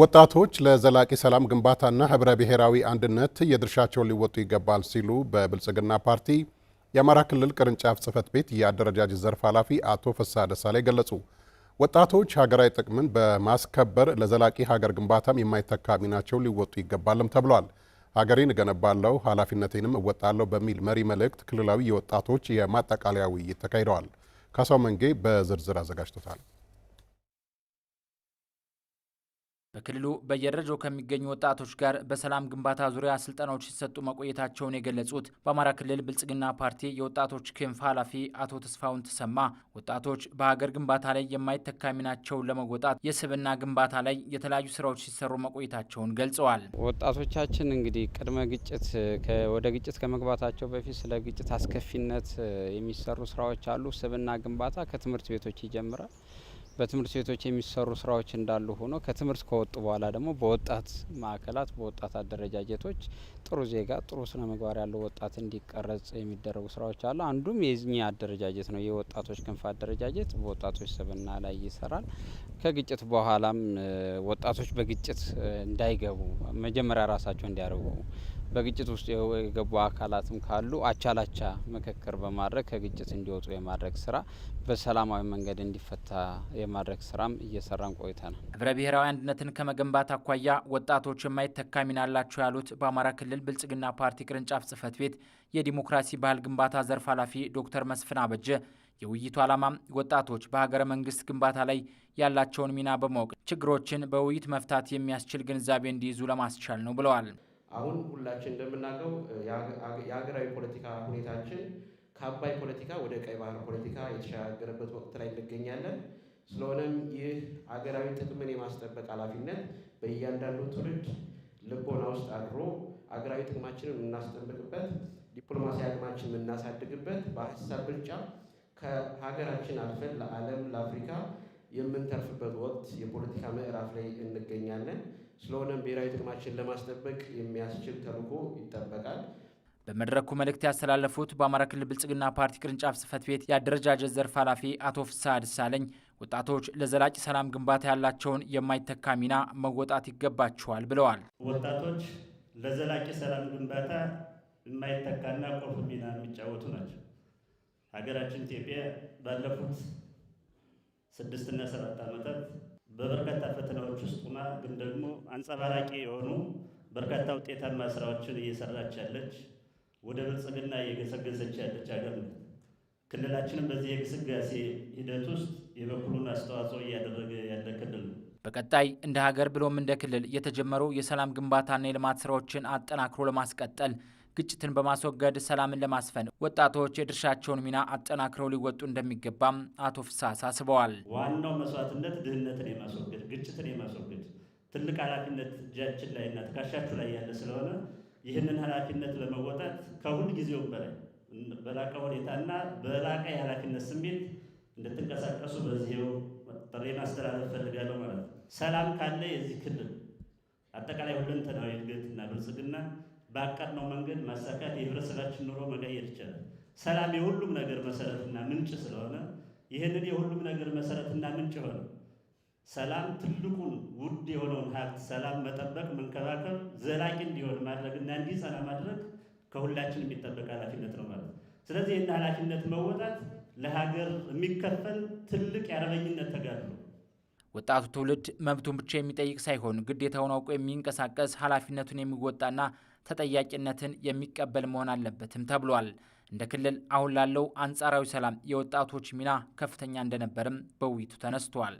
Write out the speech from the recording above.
ወጣቶች ለዘላቂ ሰላም ግንባታና ህብረ ብሔራዊ አንድነት የድርሻቸውን ሊወጡ ይገባል ሲሉ በብልጽግና ፓርቲ የአማራ ክልል ቅርንጫፍ ጽህፈት ቤት የአደረጃጀት ዘርፍ ኃላፊ አቶ ፍስሐ ደሳለኝ ገለጹ። ወጣቶች ሀገራዊ ጥቅምን በማስከበር ለዘላቂ ሀገር ግንባታም የማይተካ ሚናቸውን ሊወጡ ይገባልም ተብሏል። ሀገሬን እገነባለሁ፣ ኃላፊነቴንም እወጣለሁ በሚል መሪ መልእክት ክልላዊ የወጣቶች የማጠቃለያ ውይይት ተካሂደዋል። ካሳው መንጌ በዝርዝር አዘጋጅቶታል። በክልሉ በየደረጃው ከሚገኙ ወጣቶች ጋር በሰላም ግንባታ ዙሪያ ስልጠናዎች ሲሰጡ መቆየታቸውን የገለጹት በአማራ ክልል ብልጽግና ፓርቲ የወጣቶች ክንፍ ኃላፊ አቶ ተስፋውን ተሰማ ወጣቶች በሀገር ግንባታ ላይ የማይተካ ሚናቸውን ለመወጣት የስብና ግንባታ ላይ የተለያዩ ስራዎች ሲሰሩ መቆየታቸውን ገልጸዋል። ወጣቶቻችን እንግዲህ ቅድመ ግጭት ወደ ግጭት ከመግባታቸው በፊት ስለ ግጭት አስከፊነት የሚሰሩ ስራዎች አሉ። ስብና ግንባታ ከትምህርት ቤቶች ይጀምራል። በትምህርት ቤቶች የሚሰሩ ስራዎች እንዳሉ ሆኖ ከትምህርት ከወጡ በኋላ ደግሞ በወጣት ማዕከላት በወጣት አደረጃጀቶች ጥሩ ዜጋ ጥሩ ስነ ምግባር ያለው ወጣት እንዲቀረጽ የሚደረጉ ስራዎች አሉ። አንዱም የኛ አደረጃጀት ነው። የወጣቶች ክንፍ አደረጃጀት በወጣቶች ስብና ላይ ይሰራል። ከግጭት በኋላም ወጣቶች በግጭት እንዳይገቡ መጀመሪያ ራሳቸው እንዲያደርጉ በግጭት ውስጥ የገቡ አካላትም ካሉ አቻላቻ ምክክር በማድረግ ከግጭት እንዲወጡ የማድረግ ስራ በሰላማዊ መንገድ እንዲፈታ የማድረግ ስራም እየሰራን ቆይተናል። ህብረ ብሔራዊ አንድነትን ከመገንባት አኳያ ወጣቶች የማይተካ ሚና አላቸው ያሉት በአማራ ክልል ብልጽግና ፓርቲ ቅርንጫፍ ጽህፈት ቤት የዲሞክራሲ ባህል ግንባታ ዘርፍ ኃላፊ ዶክተር መስፍን አበጀ የውይይቱ ዓላማ ወጣቶች በሀገረ መንግስት ግንባታ ላይ ያላቸውን ሚና በማወቅ ችግሮችን በውይይት መፍታት የሚያስችል ግንዛቤ እንዲይዙ ለማስቻል ነው ብለዋል። አሁን ሁላችን እንደምናውቀው የሀገራዊ ፖለቲካ ሁኔታችን ከአባይ ፖለቲካ ወደ ቀይ ባህር ፖለቲካ የተሸጋገረበት ወቅት ላይ እንገኛለን። ስለሆነም ይህ አገራዊ ጥቅምን የማስጠበቅ ኃላፊነት በእያንዳንዱ ትውልድ ልቦና ውስጥ አድሮ አገራዊ ጥቅማችንን የምናስጠብቅበት፣ ዲፕሎማሲ አቅማችን የምናሳድግበት፣ በሀሳብ ብልጫ ከሀገራችን አልፈን ለዓለም ለአፍሪካ የምንተርፍበት ወቅት የፖለቲካ ምዕራፍ ላይ እንገኛለን። ስለሆነም ብሔራዊ ጥቅማችን ለማስጠበቅ የሚያስችል ተልዕኮ ይጠበቃል። በመድረኩ መልእክት ያስተላለፉት በአማራ ክልል ብልጽግና ፓርቲ ቅርንጫፍ ጽህፈት ቤት የአደረጃጀት ዘርፍ ኃላፊ አቶ ፍስሐ ደሳለኝ ወጣቶች ለዘላቂ ሰላም ግንባታ ያላቸውን የማይተካ ሚና መወጣት ይገባቸዋል ብለዋል። ወጣቶች ለዘላቂ ሰላም ግንባታ የማይተካና ቁልፍ ሚና የሚጫወቱ ናቸው። ሀገራችን ኢትዮጵያ ባለፉት ስድስትና ሰባት ዓመታት በበርካታ ፈተናዎች ውስጥ ሆና ግን ደግሞ አንጸባራቂ የሆኑ በርካታ ውጤታማ ስራዎችን እየሰራች ያለች ወደ ብልጽግና እየገሰገሰች ያለች ሀገር ነው። ክልላችንም በዚህ የግስጋሴ ሂደት ውስጥ የበኩሉን አስተዋጽኦ እያደረገ ያለ ክልል ነው። በቀጣይ እንደ ሀገር ብሎም እንደ ክልል የተጀመሩ የሰላም ግንባታና የልማት ስራዎችን አጠናክሮ ለማስቀጠል ግጭትን በማስወገድ ሰላምን ለማስፈን ወጣቶች የድርሻቸውን ሚና አጠናክረው ሊወጡ እንደሚገባም አቶ ፍስሐ አሳስበዋል። ዋናው መስዋዕትነት ድህነትን የማስወገድ ግጭትን የማስወገድ ትልቅ ኃላፊነት እጃችን ላይና ትከሻችሁ ላይ ያለ ስለሆነ ይህንን ኃላፊነት ለመወጣት ከሁል ጊዜው በላይ በላቀ ሁኔታና በላቀ የኃላፊነት ስሜት እንድትንቀሳቀሱ በዚህው ጥሪ ማስተላለፍ ፈልጋለሁ ማለት ነው። ሰላም ካለ የዚህ ክልል አጠቃላይ ሁለንተናዊ እና ብልጽግና ባቀድነው መንገድ ማሳካት የህብረተሰባችን ኑሮ መቀየር ይቻላል። ሰላም የሁሉም ነገር መሰረትና ምንጭ ስለሆነ ይህንን የሁሉም ነገር መሰረትና ምንጭ የሆነ ሰላም ትልቁን ውድ የሆነውን ሀብት ሰላም መጠበቅ፣ መንከባከብ፣ ዘላቂ እንዲሆን ማድረግና እንዲጸና ማድረግ ከሁላችን የሚጠበቅ ኃላፊነት ነው ማለት ነው። ስለዚህ ይህን ኃላፊነት መወጣት ለሀገር የሚከፈል ትልቅ የአርበኝነት ተጋድሎ ወጣቱ ትውልድ መብቱን ብቻ የሚጠይቅ ሳይሆን ግዴታውን አውቆ የሚንቀሳቀስ ኃላፊነቱን የሚወጣና ተጠያቂነትን የሚቀበል መሆን አለበትም ተብሏል። እንደ ክልል አሁን ላለው አንጻራዊ ሰላም የወጣቶች ሚና ከፍተኛ እንደነበርም በውይይቱ ተነስቷል።